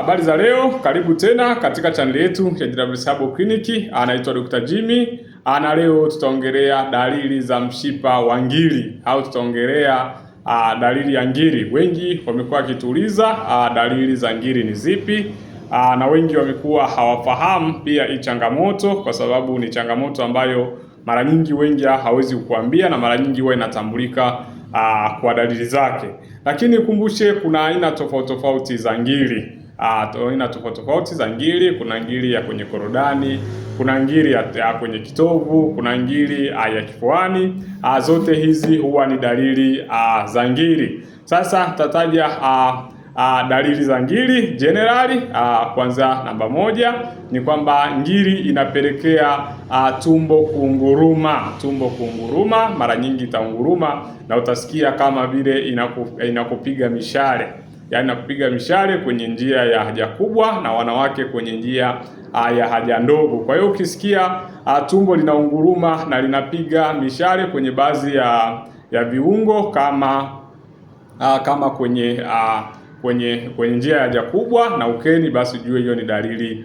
Habari za leo, karibu tena katika chaneli yetu ya JW Herbal Clinic. Anaitwa Dr. Jimmy, na leo tutaongelea dalili za mshipa wa ngiri au tutaongelea uh, dalili ya ngiri. Wengi wamekuwa wakituuliza uh, dalili za ngiri ni zipi? Uh, na wengi wamekuwa hawafahamu pia hii changamoto, kwa sababu ni changamoto ambayo mara nyingi wengi hawezi kukuambia na mara nyingi huwa inatambulika uh, kwa dalili zake, lakini kumbushe kuna aina tofauti tofauti za ngiri Ah, aina tofauti tofauti za ngiri. Kuna ngiri ya kwenye korodani, kuna ngiri ya, ya kwenye kitovu, kuna ngiri ah, ya kifuani. A, ah, zote hizi huwa ni dalili a, za ngiri. Sasa tataja dalili za ngiri generali. Kwanza namba moja ni kwamba ngiri inapelekea a, tumbo kunguruma. Tumbo kunguruma mara nyingi itaunguruma na utasikia kama vile inaku, inakupiga mishale yaani na kupiga mishale kwenye njia ya haja kubwa na wanawake kwenye njia ah, ya haja ndogo. Kwa hiyo ukisikia ah, tumbo linaunguruma na linapiga mishale kwenye baadhi ya ya viungo kama a, ah, kama kwenye a, kwenye kwenye njia ya haja kubwa na ukeni, basi ujue hiyo ni dalili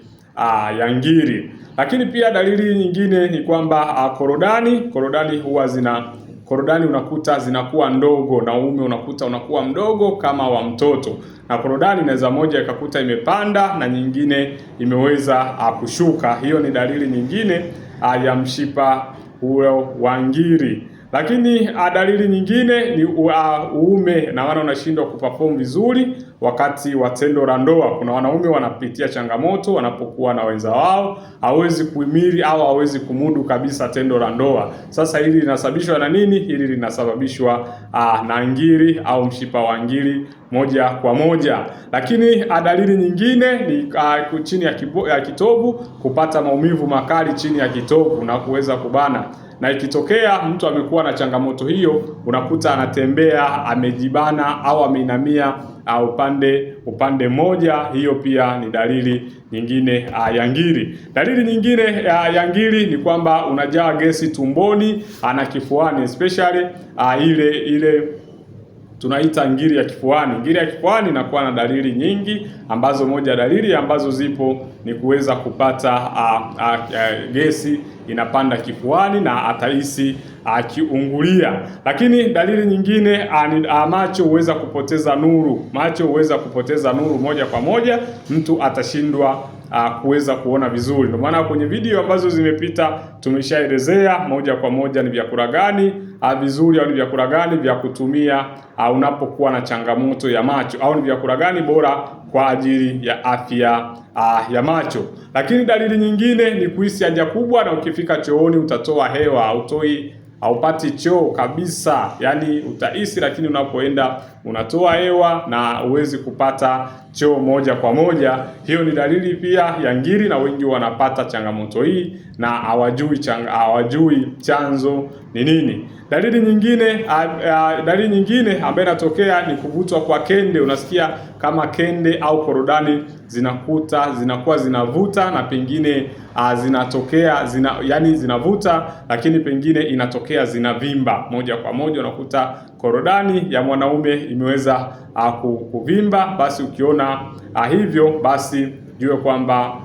ya ngiri. Lakini pia dalili nyingine ni kwamba korodani korodani huwa zina korodani unakuta zinakuwa ndogo na uume unakuta unakuwa mdogo kama wa mtoto, na korodani inaweza moja ikakuta imepanda na nyingine imeweza ah, kushuka. Hiyo ni dalili nyingine ah, ya mshipa huo wa ngiri. Lakini ah, dalili nyingine ni ah, uume na wana unashindwa kuperform vizuri wakati wa tendo la ndoa. Kuna wanaume wanapitia changamoto wanapokuwa na wenza wao, hawezi kuhimili au hawezi kumudu kabisa tendo la ndoa. Sasa hili linasababishwa na nini? Hili linasababishwa ah, na ngiri au mshipa wa ngiri moja kwa moja. Lakini dalili nyingine ni chini ya, kibo, ya kitovu kupata maumivu makali chini ya kitovu na kuweza kubana na ikitokea mtu amekuwa na changamoto hiyo, unakuta anatembea amejibana au ameinamia uh, upande upande moja, Hiyo pia ni dalili nyingine uh, ya ngiri. Dalili nyingine uh, ya ngiri ni kwamba unajaa gesi tumboni na kifuani especially uh, ile ile tunaita ngiri ya kifuani. Ngiri ya kifuani inakuwa na dalili nyingi, ambazo moja ya dalili ambazo zipo ni kuweza kupata a, a, a, gesi inapanda kifuani na atahisi akiungulia. Lakini dalili nyingine a, a, macho huweza kupoteza nuru, macho huweza kupoteza nuru moja kwa moja, mtu atashindwa uh, kuweza kuona vizuri. Ndio maana kwenye video ambazo zimepita tumeshaelezea moja kwa moja ni vyakula gani uh, vizuri au ni vyakula gani vya kutumia uh, unapokuwa na changamoto ya macho au ni vyakula gani bora kwa ajili ya afya uh, ya macho. Lakini dalili nyingine ni kuhisi haja kubwa, na ukifika chooni utatoa hewa, utoi haupati choo kabisa, yaani utaisi lakini unapoenda unatoa hewa na huwezi kupata choo moja kwa moja. Hiyo ni dalili pia ya ngiri, na wengi wanapata changamoto hii na hawajui hawajui chanzo ni nini. Dalili nyingine dalili nyingine ambayo inatokea ni kuvutwa kwa kende. Unasikia kama kende au korodani zinakuta zinakuwa zinavuta na pengine a, zinatokea zina, yani zinavuta, lakini pengine inatokea zinavimba moja kwa moja. Unakuta korodani ya mwanaume imeweza kuvimba. Basi ukiona hivyo basi jue kwamba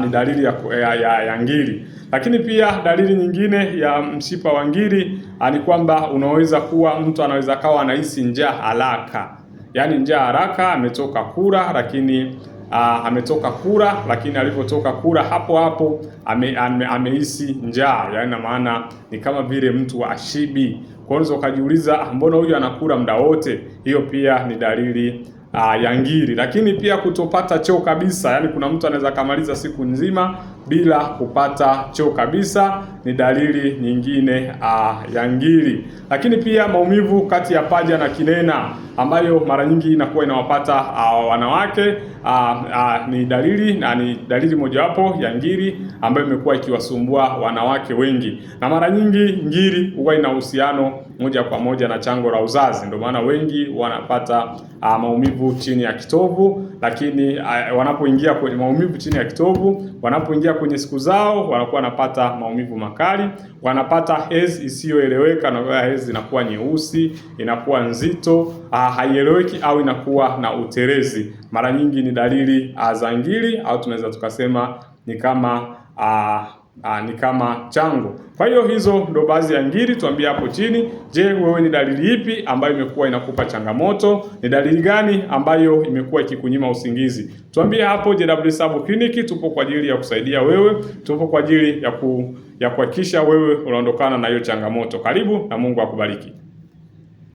ni dalili ya, ya, ya, ya ngiri. Lakini pia dalili nyingine ya mshipa wa ngiri ah, ni kwamba unaweza kuwa mtu anaweza kawa anahisi njaa haraka, yaani njaa haraka, ametoka kula lakini Uh, ametoka kula lakini alipotoka kula hapo hapo ame, ame, amehisi njaa, yaani na maana ni kama vile mtu ashibi. Kwa hiyo ukajiuliza mbona huyu anakula muda wote? Hiyo pia ni dalili aa, ah, ya ngiri, lakini pia kutopata choo kabisa. Yani kuna mtu anaweza kamaliza siku nzima bila kupata choo kabisa, ni dalili nyingine aa, ah, ya ngiri. Lakini pia maumivu kati ya paja na kinena ambayo mara nyingi inakuwa inawapata aa, ah, wanawake uh, uh, ni dalili na ni dalili mojawapo ya ngiri ambayo imekuwa ikiwasumbua wanawake wengi, na mara nyingi ngiri huwa ina uhusiano moja kwa moja na chango la uzazi, ndio maana wengi wanapata uh, maumivu chini ya kitovu lakini wanapoingia kwenye maumivu chini ya kitovu, wanapoingia kwenye siku zao wanakuwa wanapata maumivu makali, wanapata hedhi isiyoeleweka, na hedhi inakuwa nyeusi, inakuwa nzito, haieleweki au inakuwa na utelezi. Mara nyingi ni dalili za ngiri au tunaweza tukasema ni kama ah, Aa, ah, ni kama chango. Kwa hiyo hizo ndo baadhi ya ngiri, tuambie hapo chini. Je, wewe ni dalili ipi ambayo imekuwa inakupa changamoto? Ni dalili gani ambayo imekuwa ikikunyima usingizi? Tuambie hapo. JW Sub Clinic tupo kwa ajili ya kusaidia wewe, tupo kwa ajili ya ku, ya kuhakikisha wewe unaondokana na hiyo changamoto. Karibu na Mungu akubariki.